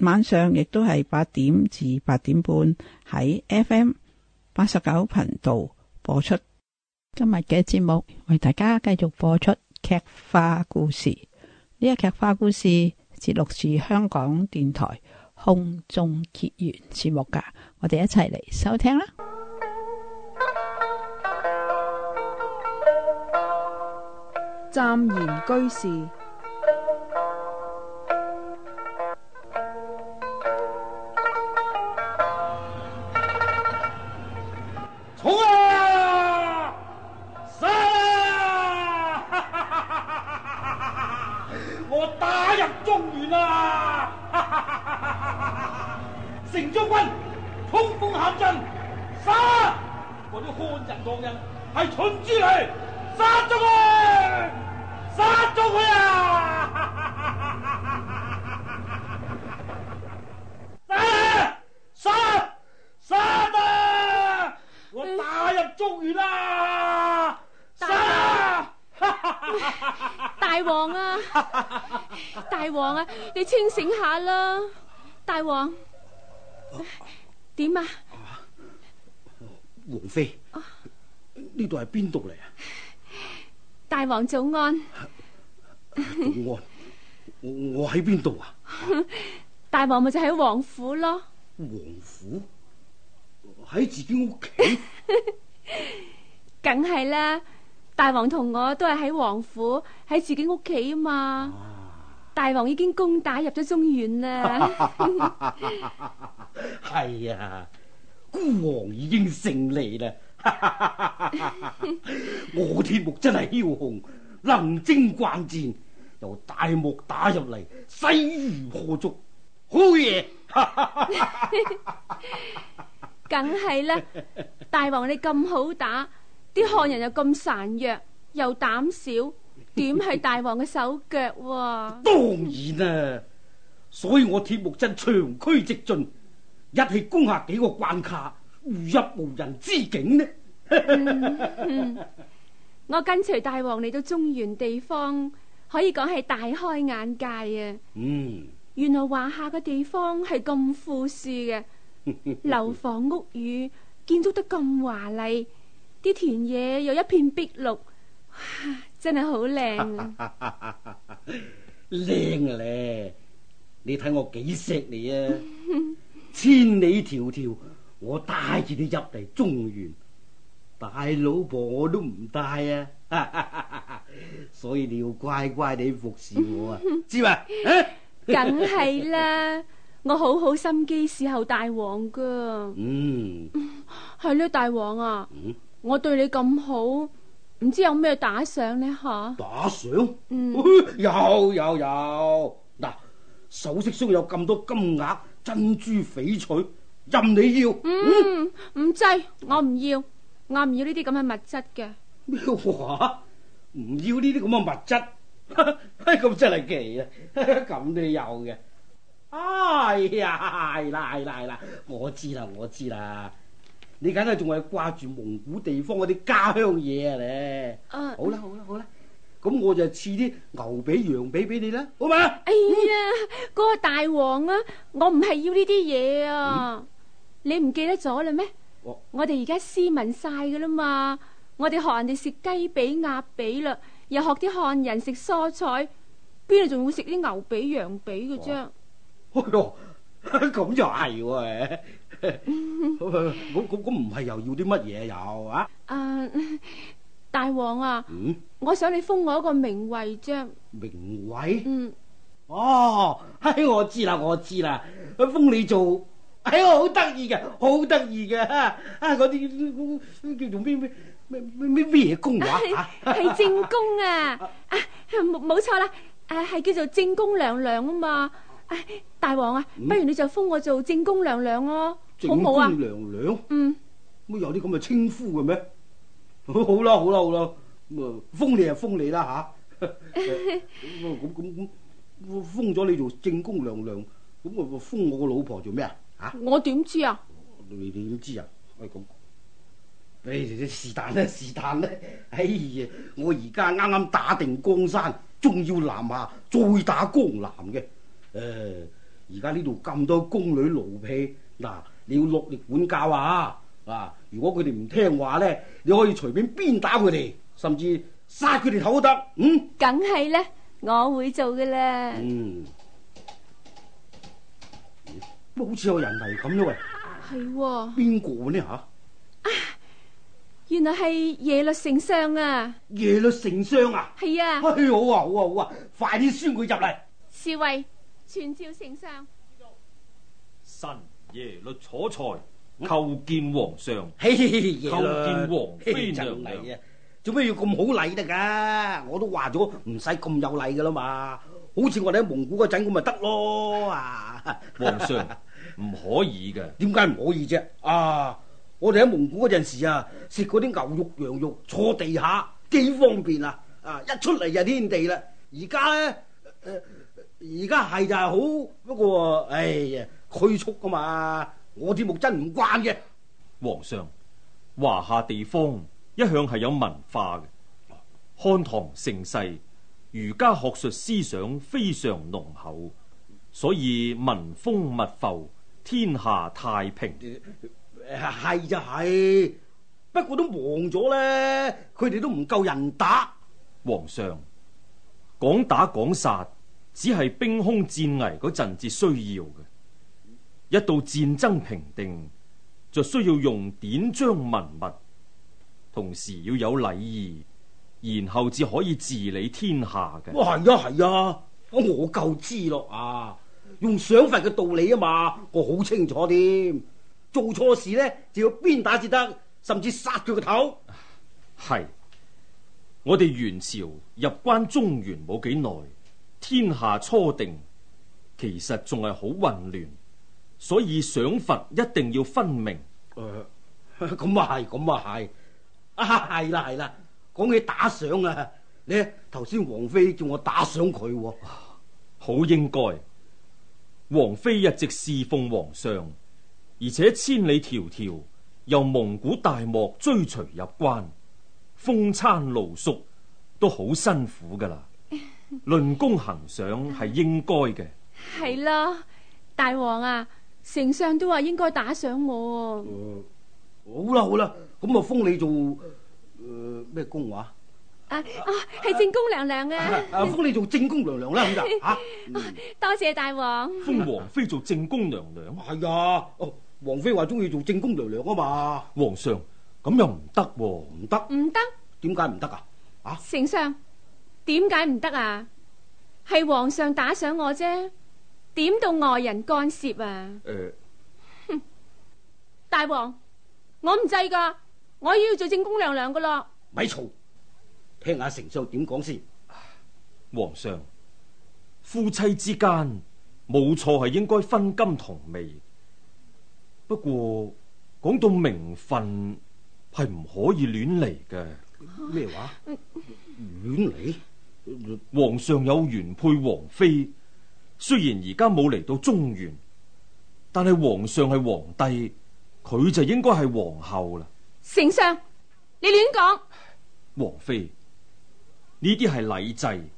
晚上亦都係八點至八點半喺 FM 八十九頻道播出今日嘅節目，為大家繼續播出劇化故事。呢一劇化故事節錄住香港電台空中結緣節目噶我哋一齊嚟收聽啦。湛然居士。 大王啊，你清醒下啦！大王，點啊，啊，啊，啊？王妃，呢度係邊度嚟啊？啊大王早安，啊啊、安。 我我喺邊度啊？ 大王咪就喺王府咯。王府？喺自己屋企，梗係啦。大王同我都係喺王府，喺自己屋企啊嘛！啊，大王已經攻打入咗中原啦，係 啊、 哎！孤王已經勝利啦！ 我鐵木真係驍雄，能征慣戰，由大漠打入嚟，勢如破竹，好嘢，梗係啦，大王你咁好打。啲漢人又咁孱弱又膽小，點係大王嘅手腳、啊？ 當然啦、啊，所以我鐵木真長驅直進，一氣攻下幾個關卡，如入無人之境呢！ 嗯嗯、我跟隨大王嚟到中原地方，可以講係大開眼界啊！嗯，原來華夏嘅地方係咁富庶嘅，樓 房屋宇建築得咁華麗。啲田野有一片碧綠，哇！真係好靚啊！靚 啊你，你睇我幾錫你啊！ 千里迢迢，我帶住你入嚟中原，大老婆我都唔帶啊！ 所以你要乖乖地服侍我啊， 知嘛？梗係啦，我好好心機伺候大王噶。嗯，係呢 大王啊。我對你咁好，唔知有咩打賞呢吓？打賞賞？嗯，有有 有。嗱，首飾箱有咁多金額、珍珠、翡翠，任你要。嗯，唔、嗯、制、嗯，我唔要， 要，我唔要呢啲咁嘅物質嘅。咩話？唔要呢啲咁嘅物質？咁、 哎、真係奇啊！咁 都有嘅。哎呀，係啦係啦係啦，我知啦，啦，我知啦。你梗係仲係掛住蒙古地方嗰啲家鄉嘢啊咧！好啦好啦好啦，咁我就賜啲牛髀羊髀俾你啦，好嘛？哎呀，嗰、嗯、個大王啊，我唔係要呢啲嘢啊！嗯、你唔記得咗啦咩？哦、我哋而家斯文晒噶啦嘛，我哋學人哋食雞髀鴨髀啦，又學啲漢人食蔬菜，邊度仲會食啲牛髀羊髀嘅啫？哎喲，咁就係、啊。咁咁咁唔係又要啲乜嘢又啊？ 啊，大王啊，嗯、我想你封我一個名位啫。名位慧？嗯。哦，哎，我知啦，我知啦。封你做，哎，我好得意嘅，好得意嘅。啊嗰啲叫做咩咩咩咩咩嘢宮話啊？係 正宮啊，冇、啊、冇錯啦。係、啊、叫做正宮娘娘啊嘛。啊大王啊，不如你就封我做正宮娘娘咯，哦，好冇啊？正宮娘娘，啊、嗯，乜有啲咁嘅稱呼嘅咩？ 好啦好啦好啦，咁啊封你就封你啦吓，咁咁咁封咗你做正宮娘娘，咁我封我個老婆做咩啊？啊，我點知啊？你點知啊、哎哎？我講，誒是但呢？是但呢？哎呀，我而家啱啱打定江山，仲要南下再打江南嘅，誒、哎。而家呢度咁多宮女奴婢，嗱，你要落力管教啊！啊，如果佢哋唔聽話咧，你可以隨便鞭打佢哋，甚至殺佢哋頭都得。嗯，梗係咧，我會做嘅啦。嗯，欸，好似有人嚟咁啫？喂，係邊個呢？吓，啊，原來係耶律丞相啊！耶律丞相啊，係啊！哎，啊！好啊，好啊，好啊，快啲宣佢入嚟。侍衛。傳召丞相，臣耶律楚材叩見皇上，嘿、hey, hey , hey, 叩見皇上。做咩要咁好禮得噶？我都話咗唔使咁有禮噶啦嘛，好似我哋喺蒙古嗰陣咁咪得咯啊！皇 上唔可以噶，點解唔可以啫？啊！我哋喺蒙古嗰陣時啊，食嗰啲牛肉羊肉，坐地下幾方便啊！啊，一出嚟就天地啦！而家咧。呃而家係就係好，不過哎呀，拘束噶嘛，我啲木真唔慣嘅。皇上，華夏地方一向係有文化嘅，漢唐盛世，儒家學術思想非常濃厚，所以民豐物阜，天下太平。係、呃、就係、是，不過都亡咗咧，佢哋都唔夠人打。皇上講打講殺。只係兵凶戰危嗰陣至需要嘅，一到戰爭平定就需要用典章文物，同時要有禮儀，然後至可以治理天下嘅。係啊係啊，我夠知咯啊，用賞罰嘅道理啊嘛，我好清楚添。做錯事呢就要鞭打至得，甚至殺佢個頭。係，我哋元朝入關中原冇幾耐。天下初定，其實仲係好混亂，所以賞罰一定要分明。誒、呃，咁啊係，咁啊係，係啦係啦。講起打賞啊，呢頭先王妃叫我打賞佢，啊，好應該。王妃一直侍奉皇上，而且千里迢迢由蒙古大漠追隨入關，風餐露宿都好辛苦噶啦。論功行賞係應該嘅，係咯，大王啊，丞相都話應該打賞我。好啦好啦，咁啊封你做，誒咩公話？啊哦，係正宮娘娘啊！封你做正宮娘娘啦，吓！多謝大王。封王妃做正宮娘娘係啊，哦，王妃話中意做正宮娘娘啊嘛。皇上咁又唔得喎，唔得，唔得，點解唔得啊？啊，丞相。點解唔得啊？係皇上打賞我啫，點到外人干涉啊？誒、呃，哼， 大王，我唔制噶，我要做正宮娘娘噶咯。咪嘈，聽下丞相點講先。皇上，夫妻之間冇錯係應該分甘同味，不過講到名分係唔可以亂嚟嘅。咩話麼？亂嚟？ 皇上有原配王妃，雖然而家冇嚟到中原，但係皇上係皇帝，佢就應該係皇后啦。丞相，你亂講！王妃呢啲係禮制，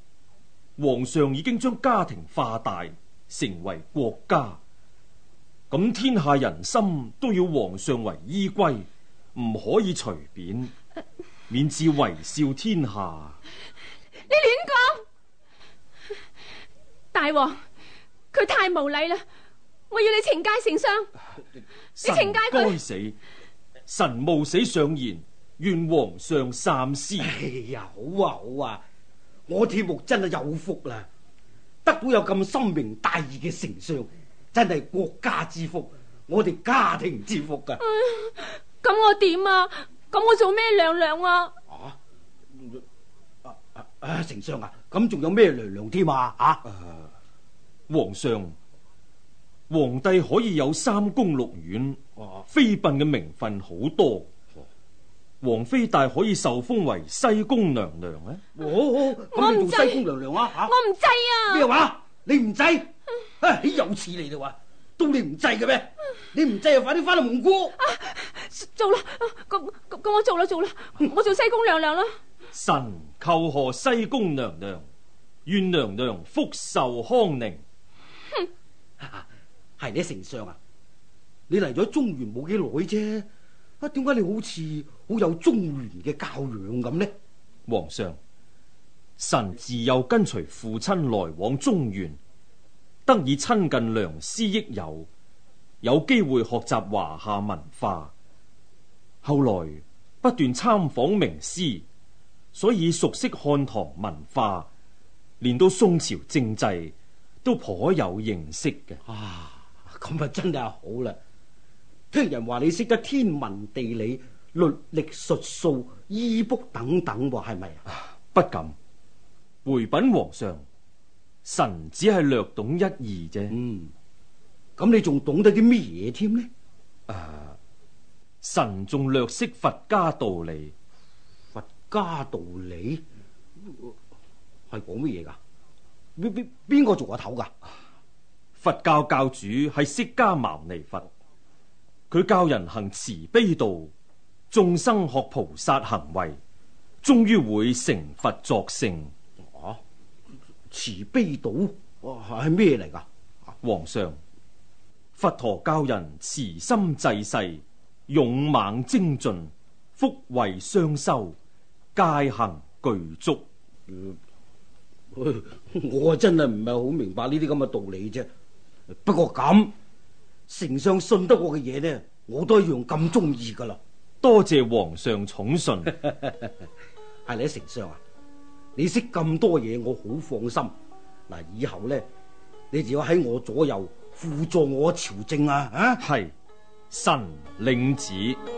皇上已經將家庭化大，成為國家，咁天下人心都要皇上為依歸，唔可以隨便，免致遺笑天下。你亂講！大王，佢太無禮啦！我要你懲戒丞相，你懲戒佢。該死！臣冒死上言，願皇上三思。哎呀，好啊好啊！我鐵木真係有福啦，得到有咁深明大義嘅丞相，真係國家之福，我哋家庭之福啊！咁我點啊？咁我做咩娘娘啊？啊，丞相啊，咁仲有咩娘娘添啊？啊，皇上，皇帝可以有三宮六院，妃嬪嘅名分好多，王妃大可以受封為西宮娘娘咧。我、哦、唔、哦、做西宮娘娘啊！吓、啊，我唔制啊，啊！咩話？你唔制？豈有此理！嘅話，到你唔制嘅咩？你唔制又快啲翻去蒙古。啊，做啦，咁咁我做啦做啦，我做西宮娘娘啦。臣叩賀西宮娘娘，願娘娘福壽康寧。哼、嗯，係你丞相啊？你嚟咗中原冇幾耐啫，啊？點解你好似好有中原嘅教養咁呢？皇上，臣自幼跟隨父親來往中原，得以親近良師益友。有機會學習華夏文化，後來不斷參訪名師，所以熟悉漢唐文化，連到宋朝政制都頗有認識嘅。啊，咁啊真係好啦！聽人話你識得天文地理、律曆術數、醫卜等等，係咪啊？不敢，回稟皇上，臣只係略懂一二啫。嗯。咁你仲懂得啲咩嘢添呢？誒、啊，神仲略識佛家道理。佛家道理係講乜嘢噶？邊邊邊個做阿頭噶？佛教教主係釋迦牟尼佛，佢教人行慈悲道，眾生學菩薩行為，終於會成佛作聖。啊！慈悲道，哇係咩嚟噶？皇上。佛陀教人慈心濟世，勇猛精進，福慧雙修，戒行具足。 我真係唔係好明白呢啲咁嘅道理啫。不過咁，丞相信得我嘅嘢呢，我都一樣咁中意噶啦。多謝皇上寵信，係你 丞相啊，你識咁多嘢，我好放心。嗱，以後呢，你就要喺我左右。輔助我朝政啊！係，啊，臣領旨。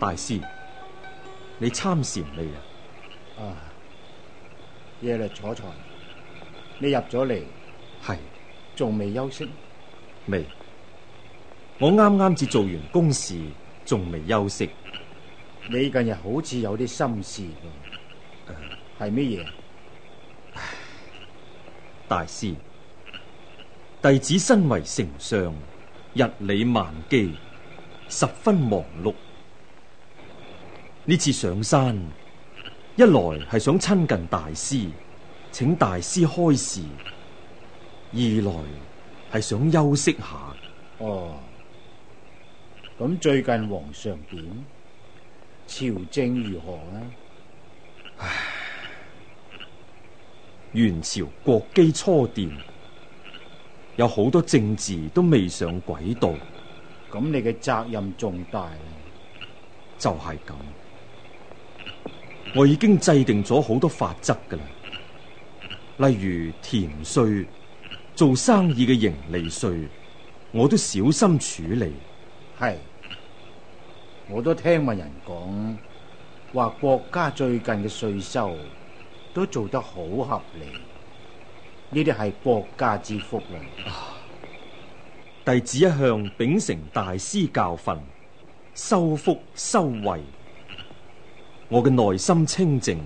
大師，你參禪未啊？耶律楚材，你入咗嚟，係仲未休息？未，我啱啱至做完公事，仲未休息。你近日好似有啲心事，係乜嘢？大師，弟子身為丞相，日理萬機，十分忙碌。呢次上山。一來係想親近大師，請大師開示；二來係想休息下。哦，咁最近皇上點？朝政如何呢？唉，元朝國基初奠，有好多政治都未上軌道。咁你嘅責任重大，就係咁。我已經制定咗好多法則㗎喇，例如田稅、做生意嘅盈利稅，我都小心處理。係，我都聽聞人講話國家最近嘅稅收都做得好合理，呢啲係國家之福啊！弟子一向秉承大師教訓，修福修慧。我嘅內心清靜，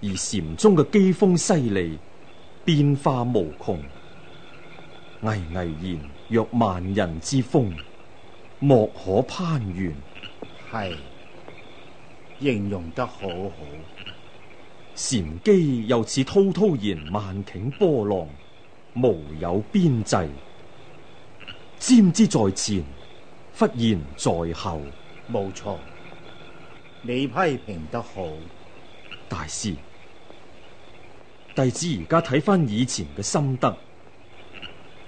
而禪宗嘅機鋒犀利，變化無窮，巍巍然若萬人之峰，莫可攀援。係，形容得好。好。禪機又似滔滔然萬頃波浪，無有邊際，瞻之在前，忽然在後。冇錯。你批評得好，大師，弟子而家睇翻以前嘅心得，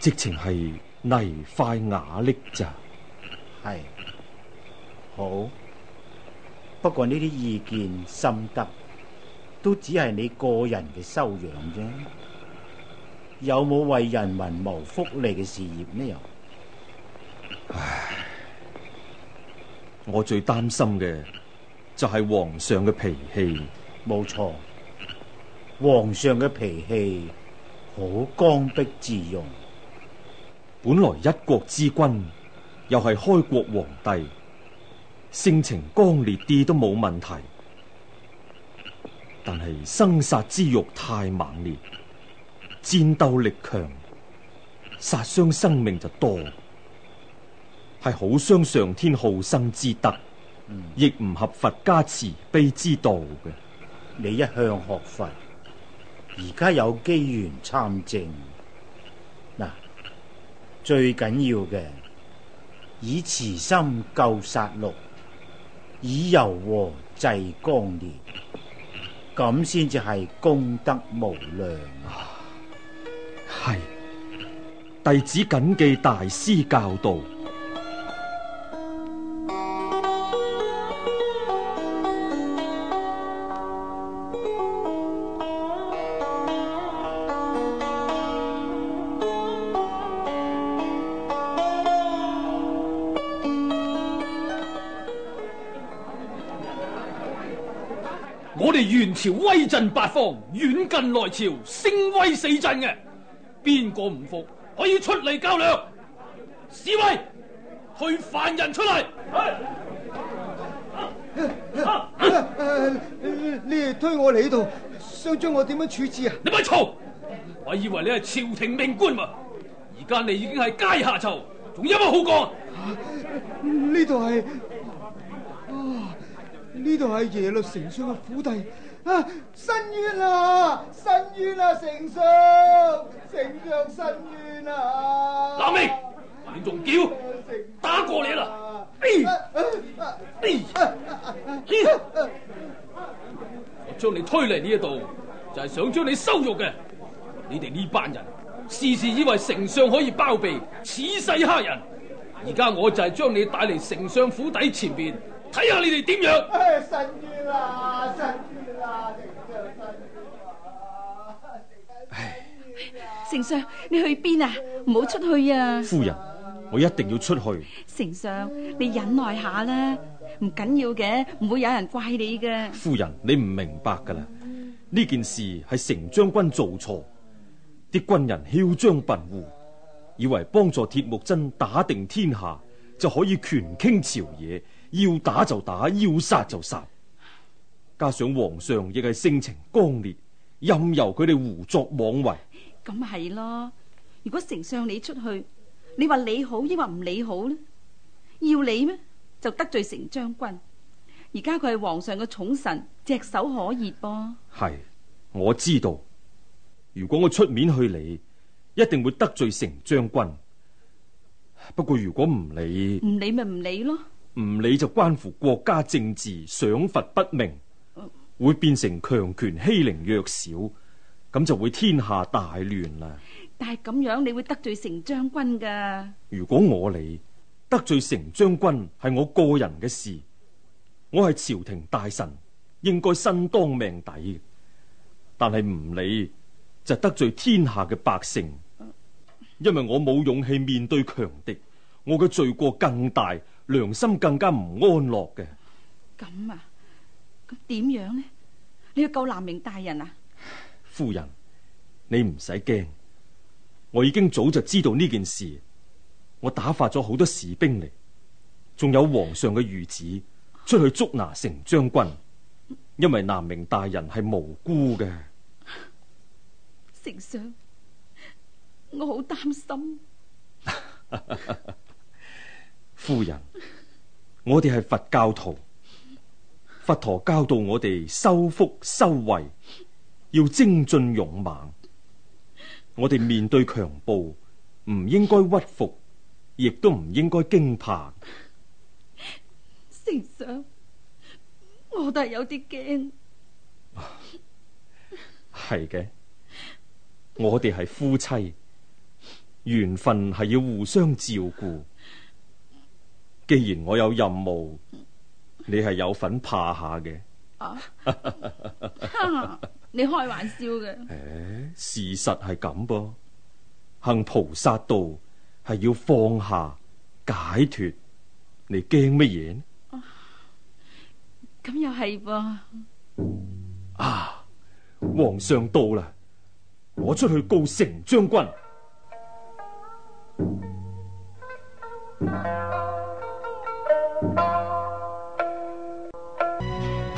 直情係泥塊瓦礫咋？係好，不過呢啲意見心得都只係你個人嘅修養啫，有冇為人民謀福利嘅事業呢？又唉，我最擔心嘅，就係皇上嘅脾氣，冇錯。皇上嘅脾氣好剛愎自用，本來一國之君又係開國皇帝，性情剛烈啲都冇問題。但係生殺之慾太猛烈，戰鬥力強，殺傷生命就多，係好傷上天好生之德。亦唔、嗯、合佛家慈悲之道嘅。你一向學佛，而家有機緣參政，嗱，最緊要嘅，以慈心救殺戮，以柔和濟光年，咁先至係功德無量啊！係，弟子謹記大師教導。威震八方，遠近來朝，聲威四震嘅，邊個唔服可以出嚟較量？示威，推犯人出嚟。你你哋推我嚟呢度，想將我點樣處置啊？你咪嘈！我以為你係朝廷命官嘛，而家你已經係階下囚，仲有乜好講？呢度係啊，呢度係耶律丞相嘅府第。啊！伸冤啊！伸冤啊！丞相，丞相伸冤啊！納命！你仲叫？打過你啦！我將你推嚟呢一度，就係想將你收辱嘅。你哋呢班人，事事以為丞相可以包庇，恃勢嚇人。而家我就係將你帶嚟丞相府邸前邊，睇下你哋點樣。伸冤、哎、啊！伸。丞相，你去邊啊？唔好出去啊！夫人，我一定要出去。丞相，你忍耐下啦，唔緊要嘅，唔會有人怪你嘅。夫人，你唔明白噶啦，呢件事係成將軍做錯，啲軍人囂張跋扈，以為幫助鐵木真打定天下就可以權傾朝野，要打就打，要殺就殺。加上皇上亦係性情剛烈，任由佢哋胡作妄為。咁係咯，如果丞相你出去，你話理好，抑或唔理好呢？要理咩就得罪成將軍，而家佢係皇上嘅寵臣，只手可熱噃。係，我知道，如果我出面去理，一定會得罪成將軍。不過如果唔理，唔理咪唔理，理咯，唔理就關乎國家政治，賞罰不明，會變成強權欺凌弱小。咁就會天下大亂啦！但係咁樣你會得罪成將軍噶。如果我理，得罪成將軍，係我個人嘅事，我係朝廷大臣，應該身當命抵。但係唔理就得罪天下嘅百姓，因為我冇勇氣面對強敵，我嘅罪過更大，良心更加唔安樂嘅。咁啊？咁點樣，樣呢？你要救南明大人啊？夫人，你唔使驚，我已經早就知道呢件事，我打發咗好多士兵嚟，仲有皇上嘅御旨出去捉拿成將軍，因為南明大人係無辜嘅。丞相，我好擔心。 夫人，我哋係佛教徒，佛陀教導我哋修福修慧。要精進勇猛，我哋面對強暴唔應該屈服，亦都唔應該驚怕。成相，我都係有啲驚。係嘅， 我哋係夫妻，緣分係要互相照顧。既然我有任務，你係有份怕下嘅。 你開玩笑嘅，誒， 事實係咁噃，行菩薩道係要放下解脫，你驚乜嘢？咁又係噃。啊，皇上到啦，我出去告成將軍。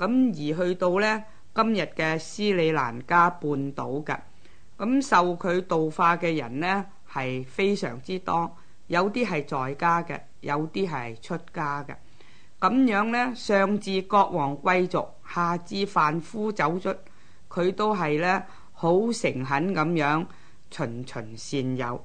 咁而去到呢今日嘅斯里蘭加半島嘅，咁受佢度化嘅人呢係非常之多，有啲係在家嘅，有啲係出家嘅。咁樣呢，上至國王貴族，下至凡夫走卒，佢都係呢好誠懇咁樣循循善誘。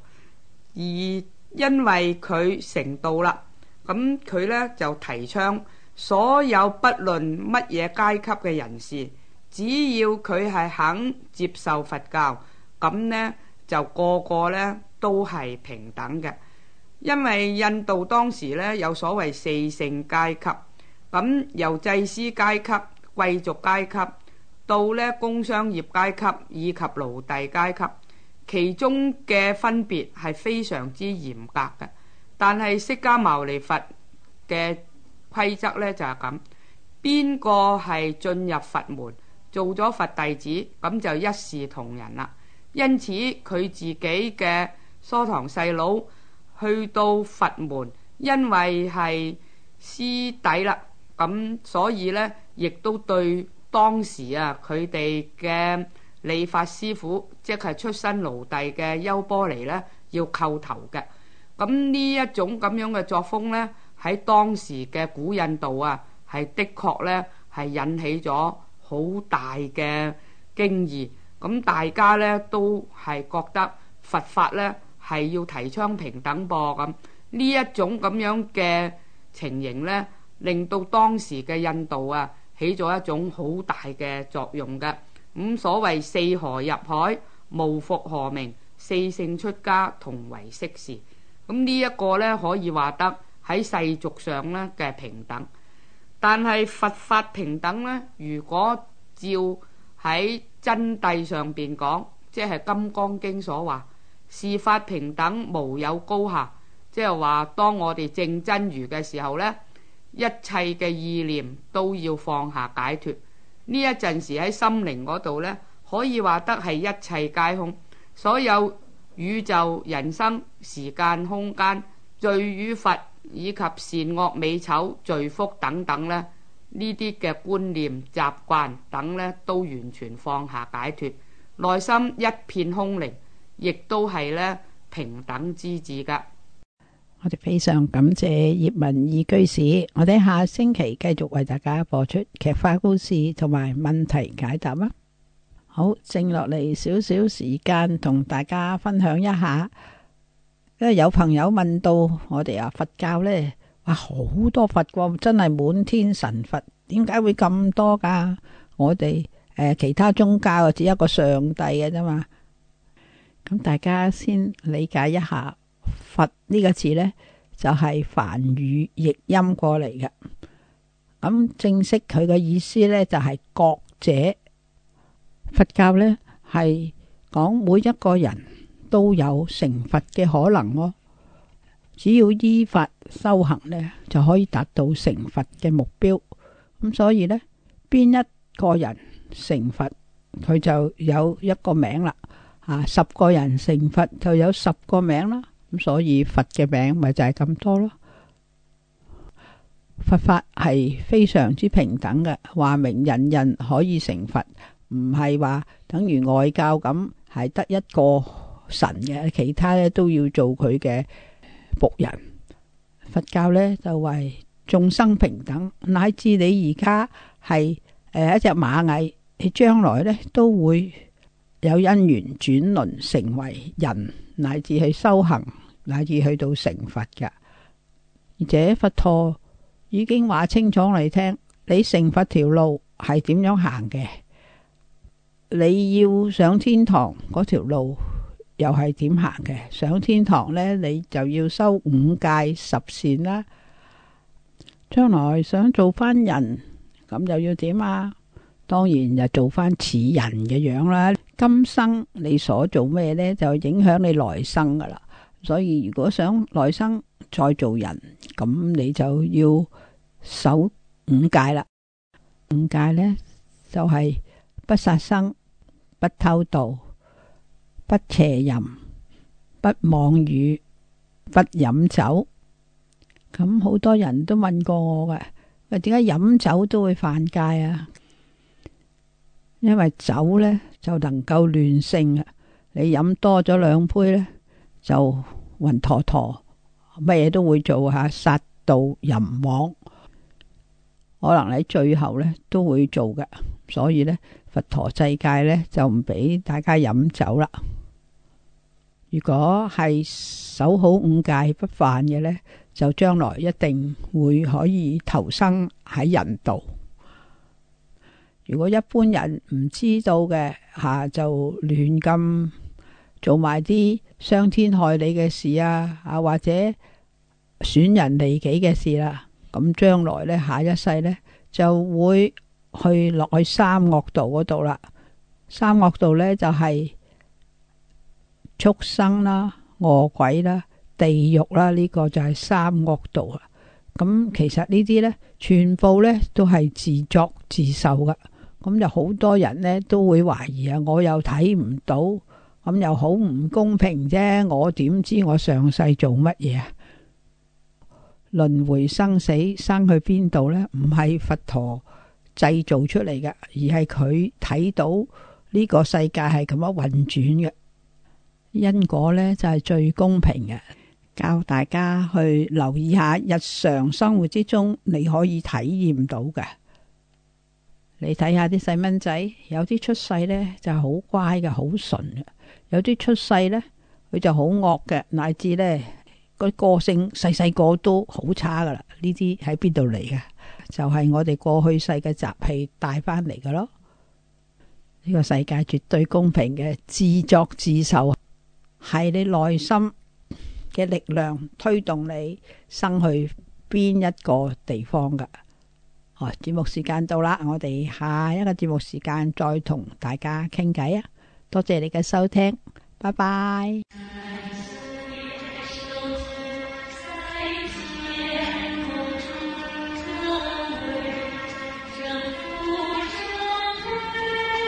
而因為佢成道啦，咁佢呢就提倡。所有不論乜嘢階級嘅人士，只要佢係肯接受佛教，咁呢就個個呢都係平等嘅。因為印度當時呢有所謂四姓階級，咁由祭司階級、貴族階級，到呢工商業階級以及奴隸階級，其中嘅分別係非常之嚴格嘅。但係釋迦牟尼佛嘅規則咧就係咁，邊個係進入佛門做咗佛弟子，咁就一視同仁啦。因此佢自己嘅梳堂細佬去到佛門，因為係師弟啦，咁所以呢，亦都對當時啊佢哋嘅理髮師傅，即係出身奴隸嘅優波尼呢，要叩頭嘅。咁呢一種咁樣嘅作風呢，喺當時嘅古印度啊，係的確呢，係引起咗好大嘅驚異。咁、嗯、大家呢，都係覺得佛法呢，係要提倡平等噃，咁呢一種咁樣嘅情形呢，令到當時嘅印度啊起咗一種好大嘅作用嘅。咁、嗯、所謂四河入海，無復河名，四姓出家同為釋氏。咁呢一個呢，可以話得，喺世俗上呢嘅平等，但係佛法平等呢。如果照喺真諦上邊講，即係《金剛經》所話，事法平等，無有高下。即係話，當我哋證真如嘅時候呢，一切嘅意念都要放下解脫。呢一陣時喺心靈嗰度呢，可以話得係一切皆空，所有宇宙、人生、時間、空間，罪與佛以及善惡美醜罪福等等咧，呢啲嘅觀念、習慣等咧，都完全放下解脱，內心一片空靈，亦都係咧平等之志噶。我哋非常感謝葉文義居士，我哋下星期繼續為大家播出劇化故事同埋問題解答啊！好，剩落嚟，少少時間，同大家分享一下。因為有朋友問到我哋啊，佛教呢，話好多佛國、啊、真係滿天神佛，點解會咁多噶？我哋誒、呃、其他宗教只一個上帝嘅啫嘛。咁大家先理解一下，佛呢個字呢，就係、是、梵語譯音過嚟嘅。咁正式佢嘅意思呢，就係、是、覺者。佛教呢，係講每一個人，都有成佛嘅可能咯。只要依法修行呢，就可以達到成佛嘅目標。咁所以呢，邊一個人成佛，佢就有一個名啦。啊，十個人成佛就有十個名啦。咁所以佛嘅名咪就係咁多咯。佛法係非常之平等嘅，話明人人可以成佛，唔係話等於外教咁係得一個。神嘅其他咧都要做佢嘅僕人。佛教呢就為眾生平等，乃至你而家係誒一隻螞蟻，你將來呢都會有因緣轉輪成為人，乃至去修行，乃至去到成佛嘅。而且佛陀已經話清楚你聽，你成佛條路係點樣行嘅？你要上天堂嗰條路，又係點行嘅？上天堂咧，你就要修五戒十善啦。將來想做翻人，咁又要點啊？當然就做翻似人嘅樣啦。今生你所做咩咧，就影響你來生噶啦。所以如果想來生再做人，咁你就要守五戒啦。五戒咧就係不殺生、不偷盜。不邪淫，不妄語，不飲酒。咁好多人都問過我嘅，點解飲酒都會犯戒啊？因為酒呢，就能夠亂性啊！你飲多咗兩杯呢，就暈坨坨，乜嘢都會做吓，殺盜淫妄，可能你最後呢都會做嘅。所以呢。佛陀世界呢，就唔俾大家飲酒啦。如果係守好五戒不犯嘅呢，就將來一定會可以投生喺人道。如果一般人唔知道嘅吓，啊，就亂咁做埋啲傷天害理嘅事啊，啊或者損人利己嘅事啦，啊，咁，啊，將來呢，下一世呢，就會。去落去三惡道嗰度啦，三惡道呢，就係畜生啦、餓鬼啦、地獄啦，呢個就係三惡道啊。咁其實呢啲呢，全部呢都係自作自受噶。咁就好多人呢，都會懷疑啊，我又睇唔到，咁又好唔公平啫。我點知我上世做乜嘢啊？輪回生死，生去邊度呢？唔係佛陀。製造出嚟嘅，而係佢睇到呢個世界係咁樣運轉嘅，因果呢，就係最公平嘅。教大家去留意下日常生活之中，你可以體驗到嘅。你睇下啲細蚊仔，有啲出世呢就好乖嘅，好純嘅；有啲出世呢，佢就好惡嘅，乃至呢嗰個性細細個都好差噶啦。呢啲喺邊度嚟嘅？就係我哋過去世嘅習氣帶翻嚟嘅咯，呢個世界絕對公平嘅，自作自受係你內心嘅力量推動你生去邊一個地方㗎。哦，節目時間到啦，我哋下一個節目時間再同大家傾偈啊！多謝你嘅收聽，拜拜。